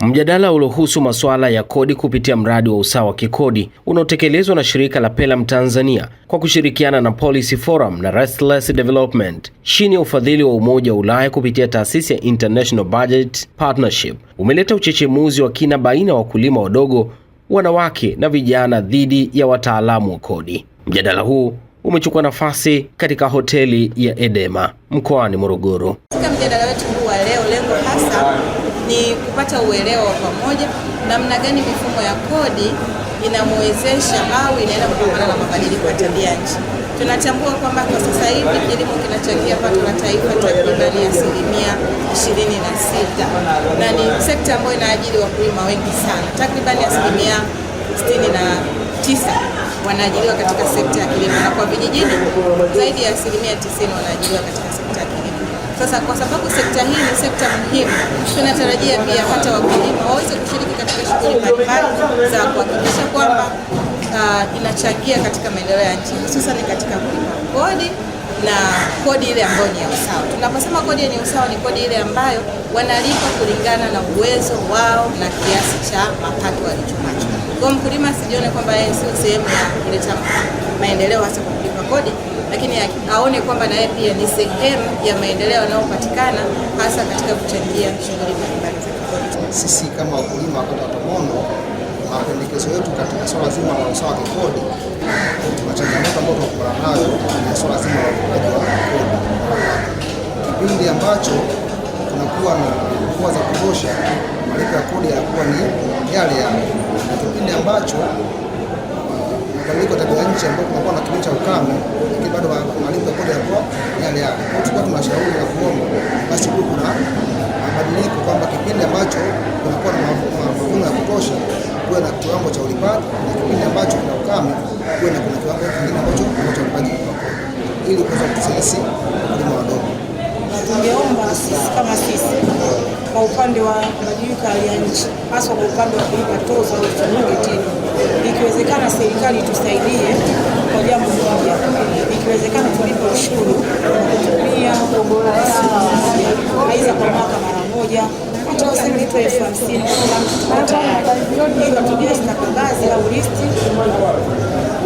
Mjadala uliohusu masuala ya kodi kupitia mradi wa usawa kikodi unaotekelezwa na shirika la Pelum Tanzania kwa kushirikiana na Policy Forum na Restless Development chini ya ufadhili wa Umoja wa Ulaya kupitia taasisi ya International Budget Partnership umeleta uchechemuzi wa kina baina ya wakulima wadogo, wanawake na vijana dhidi ya wataalamu wa kodi. Mjadala huu umechukua nafasi katika hoteli ya Edema mkoani Morogoro. Katika mjadala wetu huu wa leo, lengo hasa ni kupata uelewa wa pamoja namna gani mifumo ya kodi inamwezesha au inaenda kupambana na mabadiliko ya tabia nchi. Tunatambua kwamba kwa sasa hivi kilimo kinachangia pato la taifa takribani asilimia 26 na ni sekta ambayo inaajiri wakulima wengi sana, takribani asilimia 60 na tisa wanaajiriwa katika sekta ya kilimo na kwa vijijini zaidi ya asilimia tisini wanaajiriwa katika sekta ya kilimo. Sasa kwa sababu sekta hii ni sekta muhimu, tunatarajia pia hata wakulima waweze kushiriki katika shughuli mbalimbali za kuhakikisha kwamba uh, inachangia katika maendeleo ya nchi hususani katika kulipa kodi na kodi ile ambayo ni ya usawa. Tunaposema kodi yenye usawa ni kodi ile ambayo wanalipa kulingana na uwezo wao na kiasi cha mapato walichonacho. Kwa mkulima sijione kwamba yeye sio sehemu ya kuleta maendeleo hasa kwa kulipa kodi, lakini aone kwamba na yeye pia ni sehemu ya maendeleo yanayopatikana hasa katika kuchangia shughuli mbalimbali za kikodi. Sisi kama wakulima wa kata mapendekezo yetu katika swala zima la usawa wa kikodi, tuna changamoto ambayo tunakutana nayo ni swala zima la ulipaji wa kodi, kipindi ambacho kunakuwa na mvua za kutosha, malipo ya kodi yanakuwa ni yale yale. Na kipindi ambacho mabadiliko ya tabia nchi ambapo kunakuwa na kilimo cha ukame, lakini bado malipo ya kodi yanakuwa yale yale. Kwa hiyo tunashauri na kuomba basi huko kuna mabadiliko kwamba kipindi ambacho kunakuwa na mavuno ya kutosha kuwe na kiwango cha ulipaji, na kipindi ambacho kuna ukame kuwe na kuna kiwango kingine ambacho cha ulipaji ili kuweza kusaidia wakulima wadogo tungeomba sisi kama sisi kwa upande wa mabadiliko ya nchi, hasa kwa upande wa kulipa tozo zifanyike tena. Ikiwezekana serikali tusaidie kwa jambo moja, ikiwezekana tulipe ushuru wa kutumia ubora, aidha kwa mwaka mara moja mita elfu hamsini ili stakabadhi au listi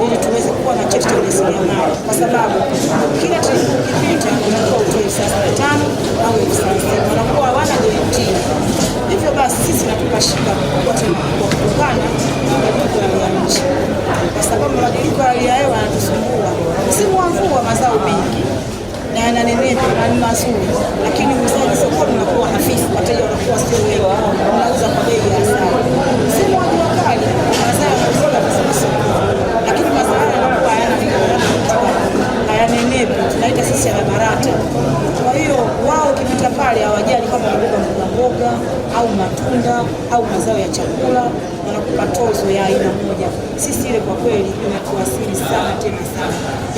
ili tuweze kuwa na cheti cha ujasiriamali, kwa sababu kila kipindi unatakiwa utoe elfu thelathini na tano au elfu hamsini wanakuwa hawana guarantee. Hivyo basi sisi natupa shida wote kwa kutokana na nchi, kwa sababu mabadiliko ya hali ya hewa yanatusumbua. Msimu wa mvua mazao mengi na yananenepa na ni mazuri, lakini uuzaji sokoni unakuwa hafifu, wateja wanakuwa sio wengi, unauza kwa bei ya sana. Msimu wa jua kali mazao vizuri lakini mazao yanakuwa hayana hayanenepi, tunaita sisi yanabarata. Kwa hiyo wao ukipita pale hawajali kama unabeba mboga mboga au matunda au mazao ya chakula, wanakupa tozo ya aina moja. Sisi ile kwa kweli inatuasiri sana tena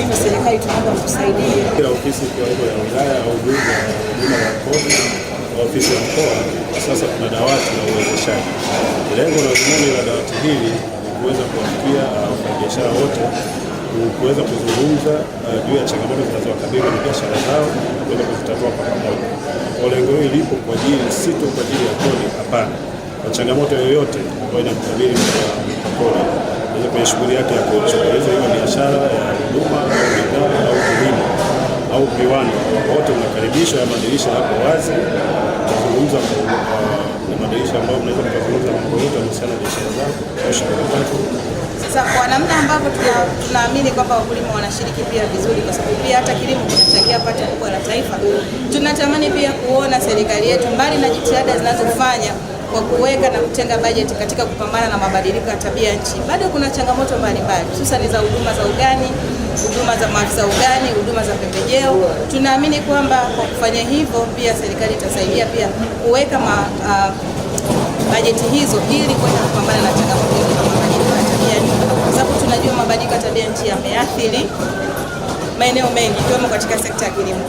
hivyo serikali tunaomba mtusaidie. Kila ofisi kiwango ya wilaya au jumla ya huduma ya kodi ofisi ya mkoa, sasa kuna dawati la uwezeshaji. Lengo la dhumuni la dawati hili ni kuweza kuwafikia wafanyabiashara wote kuweza kuzungumza eh, juu ya changamoto zinazowakabili na biashara zao kuweza kuzitatua kwa pamoja. Kwa lengo hili lipo kwa ajili si tu kwa ajili ya kodi, hapana, kwa changamoto yoyote ambayo inamkabili kodi kwenye shughuli yake ya kuuza, hiyo biashara ya huduma au bidhaa au kilimo au viwanda, wote unakaribishwa. Ya madirisha yako wazi, tazungumza uh, na madirisha ambayo mnaweza kuzungumza na yote yanayohusiana na biashara zako au shughuli zako. Sasa kwa namna ambavyo tunaamini kwamba wakulima wanashiriki pia vizuri, kwa sababu pia hata kilimo kinachangia pato kubwa la taifa, tunatamani pia kuona serikali yetu mbali na jitihada zinazofanya kwa kuweka na kutenga bajeti katika kupambana na mabadiliko ya tabia nchi, bado kuna changamoto mbalimbali, hususani za huduma za ugani, huduma za maafisa ugani, huduma za pembejeo. Tunaamini kwamba kwa kufanya hivyo pia serikali itasaidia pia kuweka uh, ah, bajeti hizo ili kuweza kupambana na changamoto hizo sababu tunajua mabadiliko ya tabia nchi yameathiri maeneo mengi ikiwemo katika sekta ya kilimo.